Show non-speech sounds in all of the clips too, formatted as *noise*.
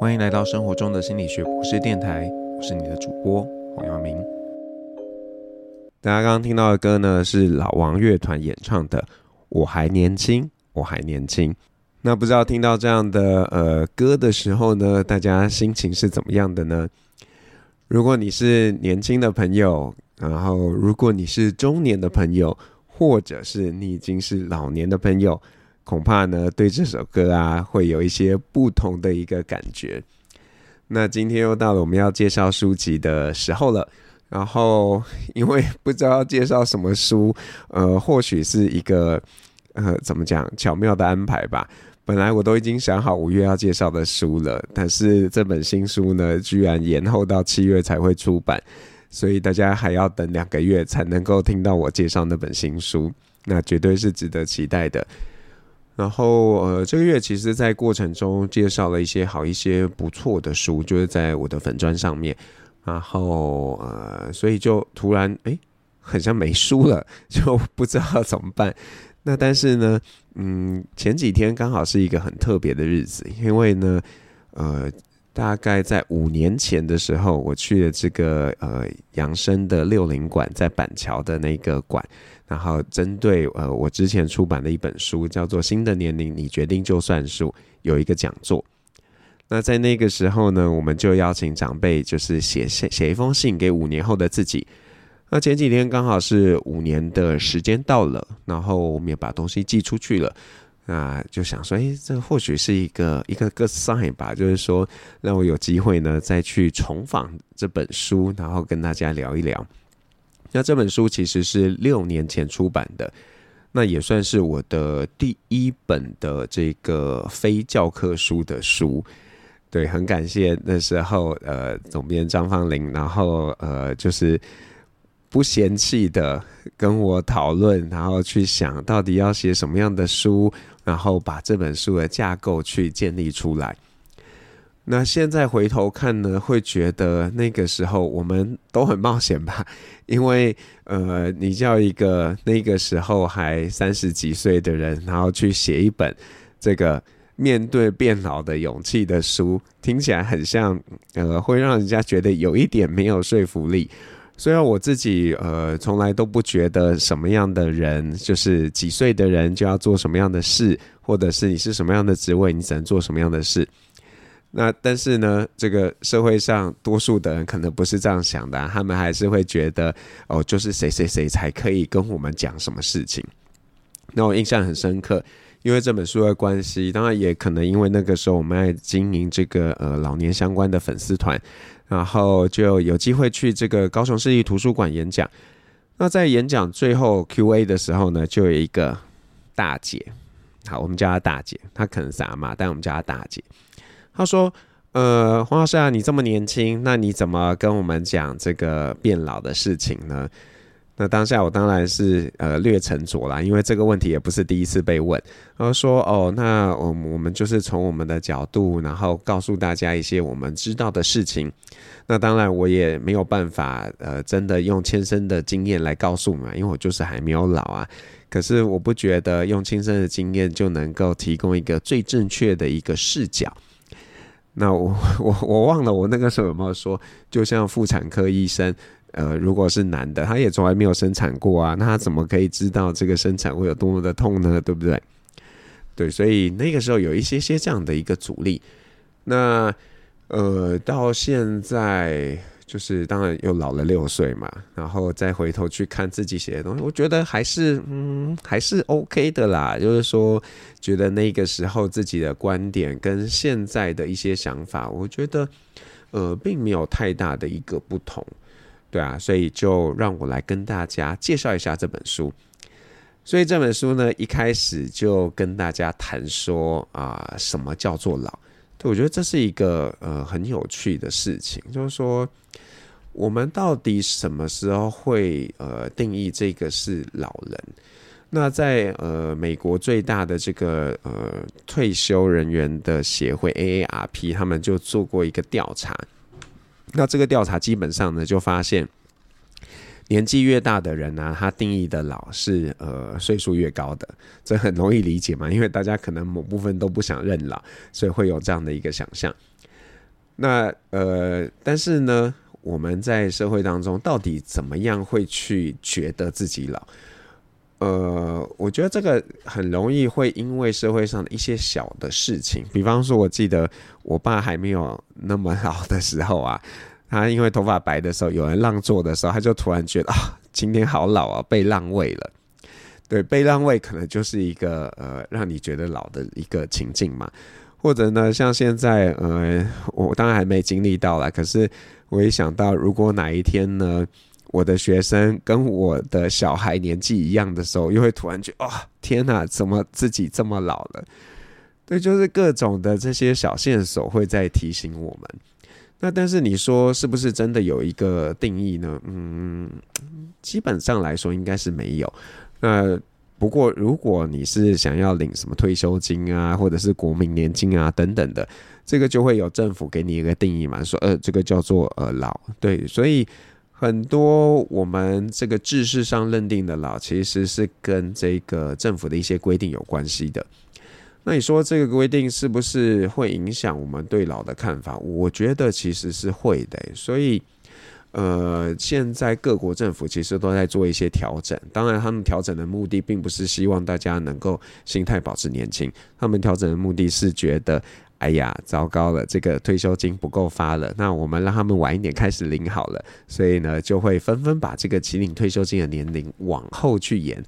歡迎來到生活中的心理學博士電台，我是你的主播黃揚名。大家剛剛聽到的歌呢，是老王樂團演唱的《我還年輕，我還年輕》。那不知道聽到這樣的呃歌的時候呢，大家心情是怎麼樣的呢？如果你是年輕的朋友，然後如果你是中年的朋友，或者是你已經是老年的朋友，恐怕呢，對這首歌啊，會有一些不同的一個感覺。那今天又到了我們要介紹書籍的時候了。然後因為不知道要介紹什麼書，呃，或許是一個呃，怎麼講，巧妙的安排吧。本來我都已經想好五月要介紹的書了，但是這本新書呢，居然延後到七月才會出版，所以大家還要等兩個月才能夠聽到我介紹那本新書。那絕對是值得期待的。然後，呃，這個月其實，在過程中介紹了一些好一些不錯的書，就是在我的粉專上面。然後，呃，所以就突然，哎、欸，好像沒書了，就不知道怎麼辦。那但是呢，嗯，前幾天剛好是一個很特別的日子，因為呢，呃。大概在五年前的時候，我去了這個呃楊生的六零館，在板橋的那個館，然後針對呃我之前出版的一本書，叫做《心的年齡，你決定就算數》，有一個講座。那在那個時候呢，我們就邀請長輩，就是寫寫寫一封信給五年後的自己。那前幾天剛好是五年的時間到了，然後我們也把東西寄出去了。那就想說，誒、欸，這或許是一個一個個 sign 吧，就是說讓我有機會呢再去重訪這本書，然後跟大家聊一聊。那這本書其實是六年前出版的，那也算是我的第一本的這個非教科書的書。對，很感謝那時候呃總編張芳玲，然後呃就是不嫌棄的跟我討論，然後去想到底要寫什麼樣的書。然後把這本書的架構去建立出來。那現在回頭看呢，會覺得那個時候我們都很冒險吧？因為，呃，你叫一個那個時候還三十幾歲的人，然後去寫一本這個面對變老的勇氣的書，聽起來很像，呃，會讓人家覺得有一點沒有說服力。雖然我自己呃從來都不覺得什麼樣的人，就是幾歲的人就要做什麼樣的事，或者是你是什麼樣的職位，你只能做什麼樣的事。那但是呢，這個社會上多數的人可能不是這樣想的，啊，他們還是會覺得哦，就是誰誰誰才可以跟我們講什麼事情。那我印象很深刻，因為這本書的關係，當然也可能因為那個時候我們愛經營這個呃老年相關的粉絲團。然後就有機會去這個高雄市立圖書館演講。那在演講最後 Q&A 的時候呢，就有一個大姐，好，我們叫她大姐，她可能傻嘛，但我們叫她大姐。她說：“呃，黃老師啊，你這麼年輕，那你怎麼跟我們講這個變老的事情呢？”那當下我當然是呃略沉着啦，因為這個問題也不是第一次被問，然後說哦，那我，我們就是從我們的角度，然後告訴大家一些我們知道的事情。那當然我也沒有辦法，呃，真的用親身的經驗來告訴我們，因為我就是還沒有老啊。可是我不覺得用親身的經驗就能夠提供一個最正確的一個視角。那我，我，我忘了我那個時候有沒有說，就像婦產科醫生。呃，如果是男的，他也從來沒有生產過啊，那他怎麼可以知道這個生產會有多麼的痛呢？對不對？對，所以那個時候有一些些這樣的一個阻力。那呃，到現在就是當然又老了六歲嘛，然後再回頭去看自己寫的東西，我覺得還是嗯，還是 OK 的啦。就是說，覺得那個時候自己的觀點跟現在的一些想法，我覺得呃，並沒有太大的一個不同。對啊，所以就讓我來跟大家介紹一下這本書。所以這本書呢，一開始就跟大家談說啊、呃，什麼叫做老？對，我覺得這是一個呃很有趣的事情，就是說我們到底什麼時候會呃定義這個是老人？那在呃美國最大的這個呃退休人員的協會 AARP，他們就做過一個調查。那這個調查基本上呢，就發現，年紀越大的人呢、啊，他定義的老是呃歲數越高的，這很容易理解嘛，因為大家可能某部分都不想認老，所以會有這樣的一個想象。那呃，但是呢，我們在社會當中到底怎麼樣會去覺得自己老？呃，我覺得這個很容易會因為社會上的一些小的事情，比方說，我記得我爸還沒有那麼老的時候啊，他因為頭髮白的時候，有人讓座的時候，他就突然覺得啊、哦，今天好老啊，被讓位了。對，被讓位可能就是一個呃，讓你覺得老的一個情境嘛。或者呢，像現在呃，我當然還沒經歷到啦，可是我一想到如果哪一天呢，我的學生跟我的小孩年紀一樣的時候，又會突然覺得哦，天哪，怎麼自己這麼老了？對，就是各種的這些小線索會在提醒我們。那但是你說是不是真的有一個定義呢？嗯，基本上來說應該是沒有。那不過如果你是想要領什麼退休金啊，或者是國民年金啊等等的，這個就會有政府給你一個定義嘛，說呃，這個叫做呃老。對，所以。很多我們這個知識上認定的老，其實是跟這個政府的一些規定有關係的。那你說這個規定是不是會影響我們對老的看法？我覺得其實是會的。所以，呃，現在各國政府其實都在做一些調整。當然，他們調整的目的並不是希望大家能夠心態保持年輕，他們調整的目的是覺得。哎呀，糟糕了，這個退休金不夠發了。那我們讓他們晚一點開始領好了，所以呢，就會紛紛把這個起領退休金的年齡往後去延。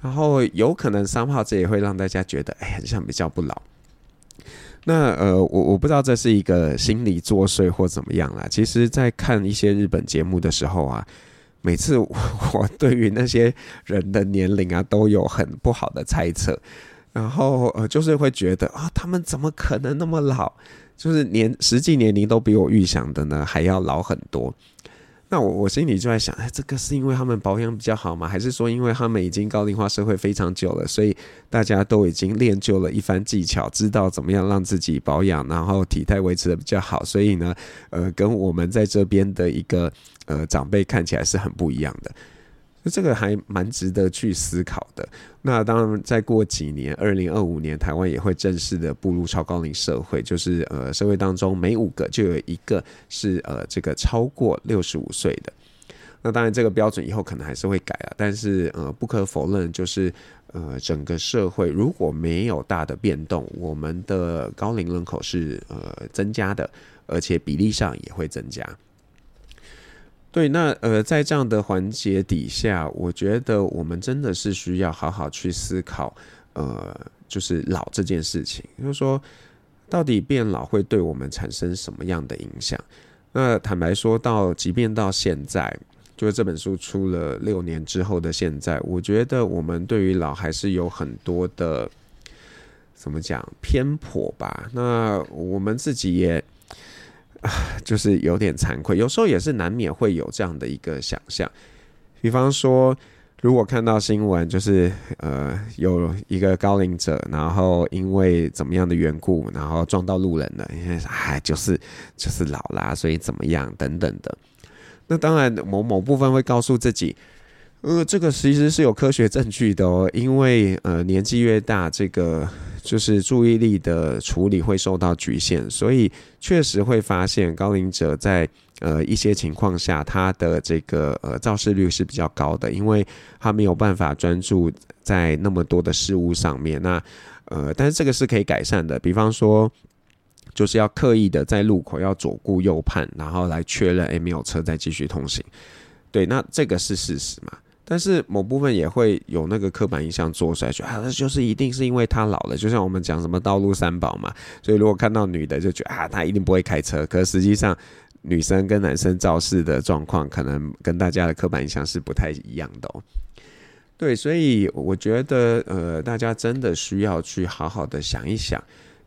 然後有可能三號這也會讓大家覺得，哎，好像比較不老。那呃，我我不知道這是一個心理作祟或怎麼樣啦。其實，在看一些日本節目的時候啊，每次我，我對於那些人的年齡啊，都有很不好的猜測。然後呃，就是會覺得啊，他們怎麼可能那麼老？就是年實際年齡都比我預想的呢還要老很多。那我我心裡就在想，哎，這個是因為他們保養比較好嗎？還是說因為他們已經高齡化社會非常久了，所以大家都已經練就了一番技巧，知道怎麼樣讓自己保養，然後體態維持得比較好，所以呢，呃，跟我們在這邊的一個呃長輩看起來是很不一樣的。那這個還蠻值得去思考的。那當然，再過幾年，二零二五年，台灣也會正式的步入超高齡社會，就是呃，社會當中每五個就有一個是呃，這個超過六十五歲的。那當然，這個標準以後可能還是會改啊。但是呃，不可否認，就是呃，整個社會如果沒有大的變動，我們的高齡人口是呃增加的，而且比例上也會增加。對，那呃，在這樣的環節底下，我覺得我們真的是需要好好去思考，呃，就是老這件事情，就是說，到底變老會對我們產生什麼樣的影響？那坦白說到，即便到現在，就是這本書出了六年之後的現在，我覺得我們對於老還是有很多的，怎麼講，偏頗吧？那我們自己也。就是有點慚愧，有時候也是難免會有這樣的一個想象。比方說，如果看到新聞，就是呃有一個高齡者，然後因為怎麼樣的緣故，然後撞到路人了，因為哎，就是就是老啦，所以怎麼樣等等的。那當然，某某部分會告訴自己，呃，這個其實是有科學證據的哦，因為呃年紀越大，這個。就是注意力的處理會受到局限，所以確實會發現高齡者在呃一些情況下，他的這個呃肇事率是比較高的，因為他沒有辦法專注在那麼多的事物上面。那呃，但是這個是可以改善的，比方說就是要刻意的在路口要左顧右盼，然後來確認誒、欸、沒有車再繼續通行。對，那這個是事實嘛？但是某部分也會有那個刻板印象做出來，說啊，那就是一定是因為他老了。就像我們講什麼道路三寶嘛，所以如果看到女的就覺得啊，他一定不會開車。可實際上，女生跟男生肇事的狀況可能跟大家的刻板印象是不太一樣的哦。對，所以我覺得呃，大家真的需要去好好的想一想，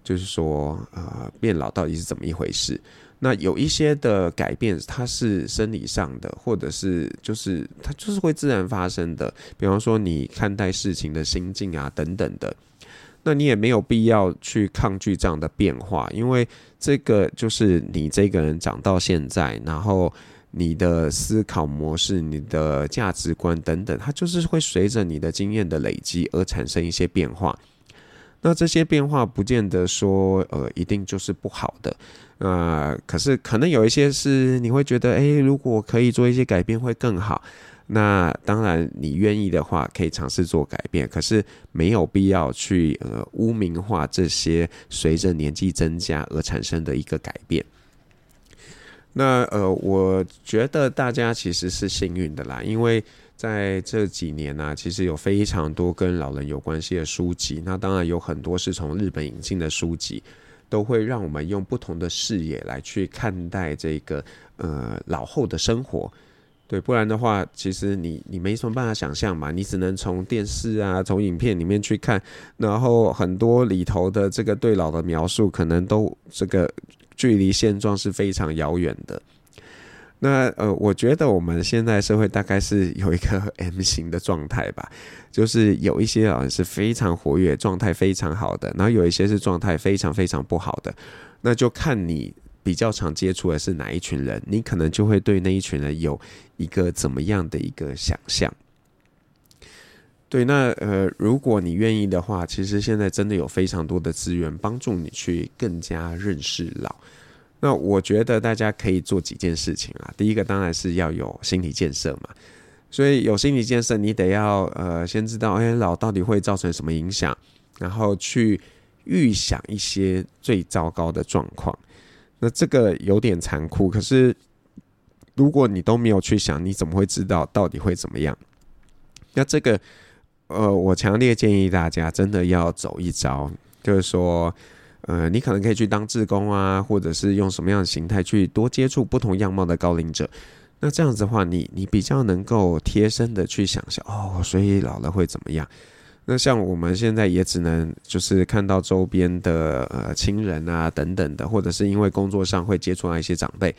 就是說呃，變老到底是怎麼一回事。那有一些的改變，它是生理上的，或者是就是它就是會自然發生的。比方說你看待事情的心境啊，等等的，那你也沒有必要去抗拒這樣的變化，因為這個就是你這個人長到現在，然後你的思考模式、你的價值觀等等，它就是會隨着你的經驗的累積而產生一些變化。那這些變化不見得說呃一定就是不好的。呃，可是可能有一些是你會覺得，哎，如果可以做一些改變會更好。那當然，你願意的話可以嘗試做改變，可是沒有必要去呃污名化這些隨着年紀增加而產生的一個改變。那呃，我覺得大家其實是幸運的啦，因為在這幾年呢，其實有非常多跟老人有關係的書籍。那當然有很多是從日本引進的書籍。都會讓我們用不同的視野來去看待這個呃老後的生活，對，不然的話，其實你你沒什麼辦法想象嘛，你只能從電視啊、從影片裡面去看，然後很多裡頭的這個對老的描述，可能都這個距離現狀是非常遙遠的。那呃，我覺得我們現在社會大概是有一個 M 型的狀態吧，就是有一些老人是非常活躍、狀態非常好的，然後有一些是狀態非常非常不好的，那就看你比較常接觸的是哪一群人，你可能就會對那一群人有一個怎麼樣的一個想象對，那呃，如果你願意的話，其實現在真的有非常多的資源幫助你去更加認識老。那我覺得大家可以做幾件事情啊。第一個當然是要有心理建設嘛，所以有心理建設，你得要呃先知道，哎，老到底會造成什麼影響，然後去預想一些最糟糕的狀況。那這個有點殘酷，可是如果你都沒有去想，你怎麼會知道到底會怎麼樣？那這個呃，我強烈建議大家真的要走一遭，就是說。呃，你可能可以去當志工啊，或者是用什麼樣的形態去多接觸不同樣貌的高齡者，那這樣子的話你，你你比較能夠貼身的去想象哦，所以老了會怎麼樣？那像我們現在也只能就是看到周邊的呃親人啊等等的，或者是因為工作上會接觸到一些長輩，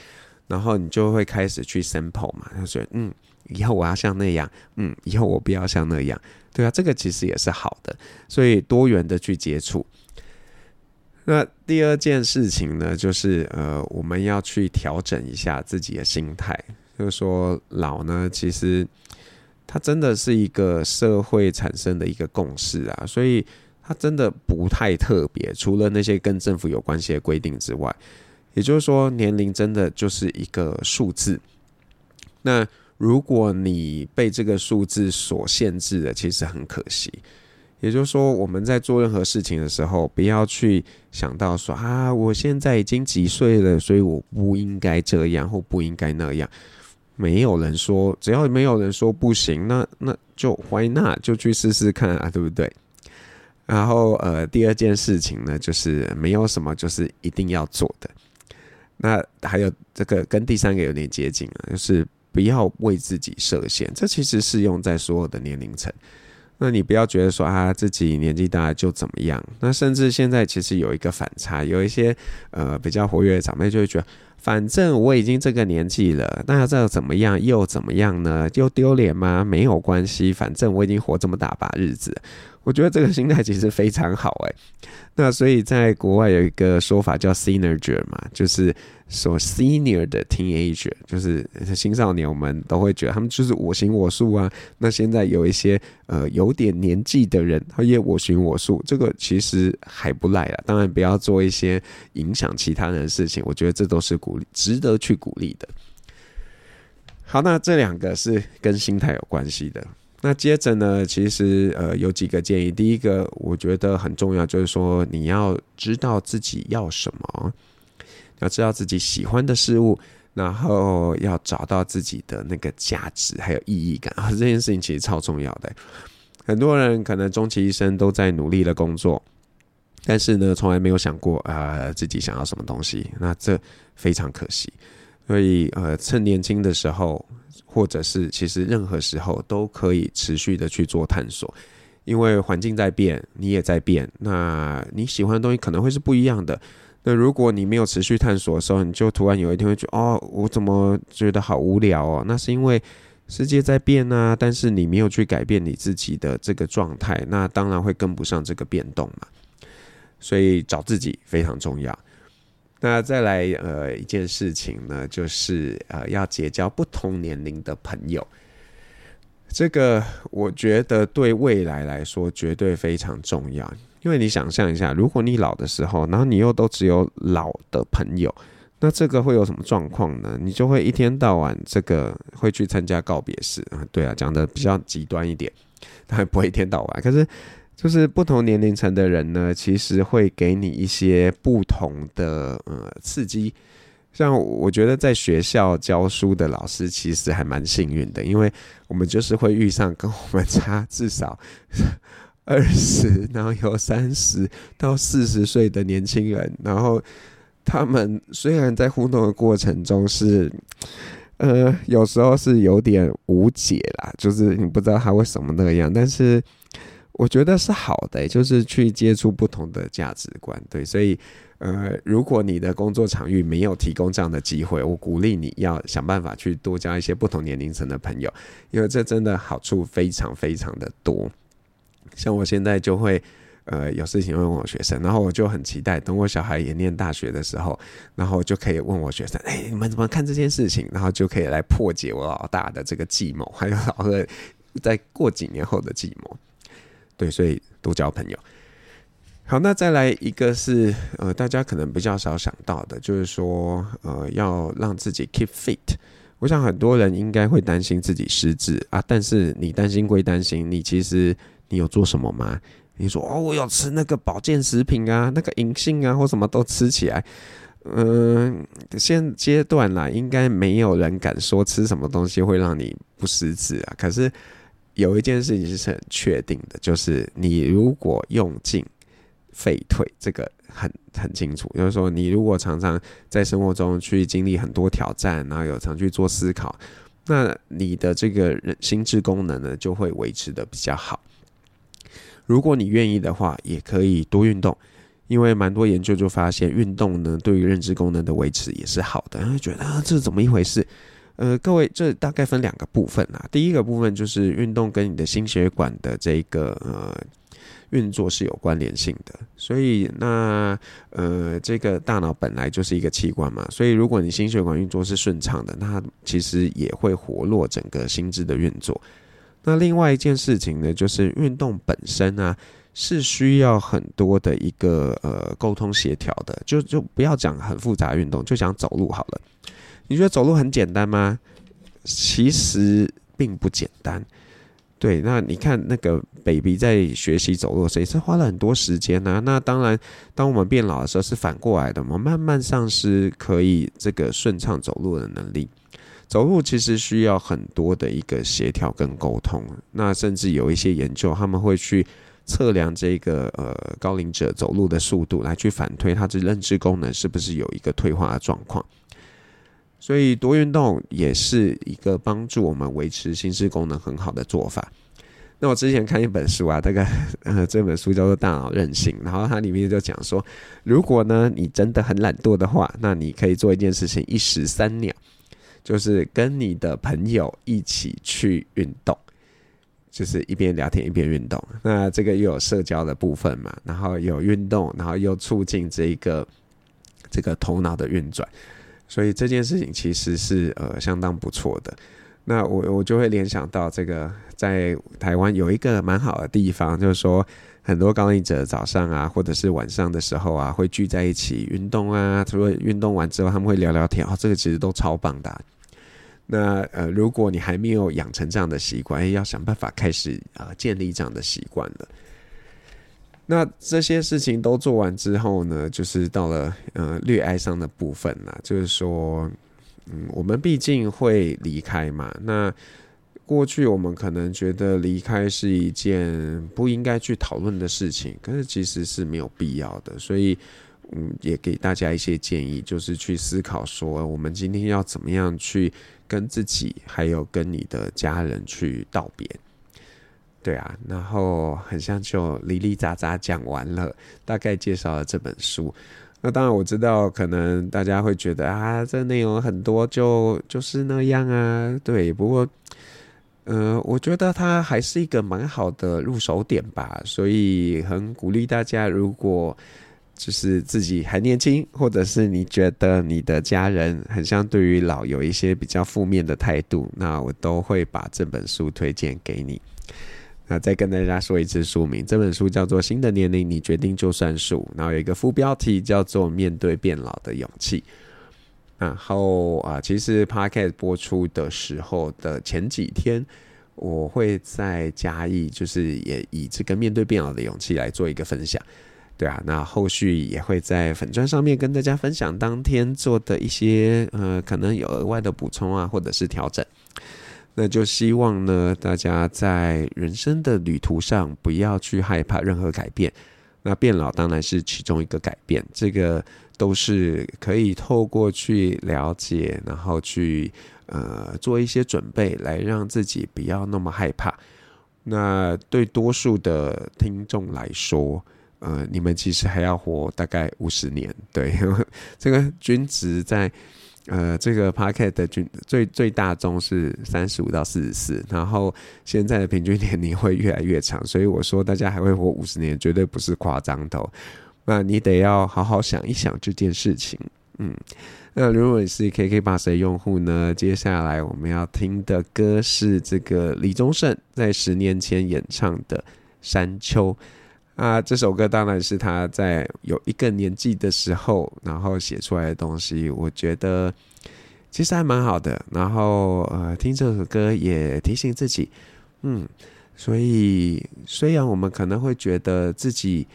然後你就會開始去 sample 嘛，他說嗯，以後我要像那樣，嗯，以後我不要像那樣，對啊，這個其實也是好的，所以多元的去接觸。那第二件事情呢，就是呃，我們要去調整一下自己的心態，就是說老呢，其實它真的是一個社會產生的一個共識啊，所以它真的不太特別，除了那些跟政府有關係的規定之外，也就是說年齡真的就是一個數字。那如果你被這個數字所限制的，其實很可惜。也就是說，我們在做任何事情的時候，不要去想到說啊，我現在已經幾歲了，所以我不應該這樣或不應該那樣。沒有人說，只要沒有人說不行，那那就 why not，那就去試試看啊，對不對？然後呃，第二件事情呢，就是沒有什麼就是一定要做的。那還有這個跟第三個有點接近啊，就是不要為自己設限。這其實適用在所有的年齡層。那你不要覺得說，啊，自己年紀大了就怎麼樣。那甚至現在其實有一個反差，有一些呃比較活躍的長輩就會覺得，反正我已經這個年紀了，那要怎麼樣又怎麼樣呢？又丟臉嗎？沒有關係，反正我已經活這麼大把日子。我覺得這個心態其實非常好哎、欸，那所以在國外，有一個說法叫 senager 嘛，就是說 senior 的 teenager，就是青少年，我們都會覺得他們就是我行我素啊。那現在有一些呃有點年紀的人，他也我行我素，這個其實還不賴了。當然不要做一些影響其他人的事情，我覺得這都是鼓勵，值得去鼓勵的。好，那這兩個是跟心態有關係的。那接着呢，其實呃有幾個建議。第一個，我覺得很重要，就是說你要知道自己要什麼，要知道自己喜歡的事物，然後要找到自己的那個價值還有意義感啊、哦，這件事情其實超重要的。很多人可能終其一生都在努力的工作，但是呢，從來沒有想過啊、呃，自己想要什麼東西，那這非常可惜。所以，呃，趁年輕的時候，或者是其實任何時候都可以持續的去做探索，因為環境在變，你也在變，那你喜歡的東西可能會是不一樣的。那如果你沒有持續探索的時候，你就突然有一天會覺得，哦，我怎麼覺得好無聊哦？那是因為世界在變啊，但是你沒有去改變你自己的這個狀態，那當然會跟不上這個變動嘛。所以找自己非常重要。那再來，呃，一件事情呢，就是呃，要結交不同年齡的朋友。這個我覺得對未來來說絕對非常重要，因為你想象一下，如果你老的時候，然後你又都只有老的朋友，那這個會有什麼狀況呢？你就會一天到晚這個會去參加告別式啊、嗯。對啊，講的比較極端一點，但不會一天到晚。可是。就是不同年齡層的人呢，其實會給你一些不同的呃刺激。像我覺得在學校教書的老師其實還蠻幸運的，因為我們就是會遇上跟我們差至少二十，然後有三十到四十歲的年輕人。然後他們雖然在互動的過程中是呃有時候是有點無解啦，就是你不知道他為什麼那樣，但是。我覺得是好的。欸，就是去接觸不同的價值觀，對，所以，呃，如果你的工作場域沒有提供這樣的機會，我鼓勵你要想辦法去多交一些不同年齡層的朋友，因為這真的好處非常非常的多。像我現在就會，呃，有事情問我學生，然後我就很期待，等我小孩也念大學的時候，然後就可以問我學生，哎、欸，你們怎麼看這件事情？然後就可以來破解我老大的這個計謀，還有老二在過幾年後的計謀。對，所以多交朋友。好，那再來一個是呃，大家可能比較少想到的，就是說呃，要讓自己 keep fit。我想很多人應該會擔心自己失智啊，但是你擔心歸擔心，你其實你有做什麼嗎？你說哦，我有吃那個保健食品啊，那個銀杏啊，或什麼都吃起來。嗯、呃，現階段啦，應該沒有人敢說吃什麼東西會讓你不失智啊。可是。有一件事情是很確定的，就是你如果用進廢退，這個很很清楚。就是說，你如果常常在生活中去經歷很多挑戰，然後有常去做思考，那你的這個人心智功能呢，就會維持得比較好。如果你願意的話，也可以多運動，因為蠻多研究就發現運動呢，對於認知功能的維持也是好的。然後就覺得，啊，這是怎麼一回事？呃，各位，這大概分兩個部分啊。第一個部分就是運動跟你的心血管的這個呃運作是有關聯性的，所以那呃這個大腦本來就是一個器官嘛，所以如果你心血管運作是順暢的，那其實也會活絡整個心智的運作。那另外一件事情呢，就是運動本身啊是需要很多的一個呃溝通協調的，就就不要講很複雜運動，就講走路好了。你覺得走路很簡單嗎？其實並不簡單。對，那你看那個 baby 在學習走路，也是花了很多時間呢。那當然，當我們變老的時候，是反過來的，我們慢慢喪失可以這個順暢走路的能力。走路其實需要很多的一個協調跟溝通。那甚至有一些研究，他們會去測量這個呃高齡者走路的速度，來去反推他的認知功能是不是有一個退化的狀況。所以多運動也是一個幫助我們維持心智功能很好的做法。那我之前看一本書啊，大概，呃，這本書叫做《大腦韌性》，然後它裡面就講說，如果呢你真的很懶惰的話，那你可以做一件事情一石三鳥，就是跟你的朋友一起去運動，就是一邊聊天一邊運動。那這個又有社交的部分嘛，然後有運動，然後又促進這一個這個頭腦的運轉。所以這件事情其實是呃相當不錯的。那我我就會聯想到這個，在台灣有一個蠻好的地方，就是說很多高齡者早上啊，或者是晚上的時候啊，會聚在一起運動啊。除了運動完之後，他們會聊聊天，哦，這個其實都超棒的啊。那呃，如果你還沒有養成這樣的習慣，要想辦法開始呃建立這樣的習慣了。那這些事情都做完之後呢，就是到了呃略哀傷的部分了啊，就是說，嗯，我們畢竟會離開嘛。那過去我們可能覺得離開是一件不應該去討論的事情，可是其實是沒有必要的。所以，嗯，也給大家一些建議，就是去思考說，我們今天要怎麼樣去跟自己，還有跟你的家人去道別。對啊，然後很像就零零雜雜講完了，大概介紹了這本書。那當然我知道，可能大家會覺得啊，這內容很多就，就就是那樣啊。對，不過，呃，我覺得它還是一個蠻好的入手點吧。所以很鼓勵大家，如果就是自己還年輕，或者是你覺得你的家人很像對於老有一些比較負面的態度，那我都會把這本書推薦給你。那再跟大家說一次書名，這本書叫做《心的年齡，你決定就算數》。然後有一個副標題叫做《面對變老的勇氣》。然後啊、呃，其實 Podcast 播出的時候的前幾天，我會在嘉義，就是也以這個面對變老的勇氣來做一個分享。對啊，那後續也會在粉專上面跟大家分享當天做的一些呃，可能有額外的補充啊，或者是調整。那就希望呢，大家在人生的旅途上不要去害怕任何改變。那變老當然是其中一個改變，這個都是可以透過去了解，然後去呃做一些準備，來讓自己不要那麼害怕。那對多數的聽眾來說，呃，你們其實還要活大概五十年，對， *laughs* 這個均值在。呃，這個 p a r k e t 的均最最大宗是三十五到四十四，然後現在的平均年齡會越來越長，所以我說大家還會活五十年，絕對不是誇張頭，那你得要好好想一想這件事情。嗯，那如果你是 KK 8士的用戶呢？接下來我們要聽的歌是這個李宗盛在十年前演唱的《山丘》。啊，這首歌當然是他在有一個年紀的時候，然後寫出來的東西。我覺得其實還蠻好的。然後呃，聽這首歌也提醒自己，嗯，所以雖然我們可能會覺得自己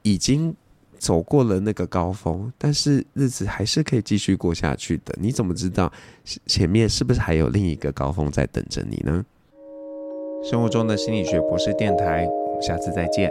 已經走過了那個高峰，但是日子還是可以繼續過下去的。你怎麼知道前面是不是還有另一個高峰在等着你呢？生活中的心理學博士電台，我們下次再見。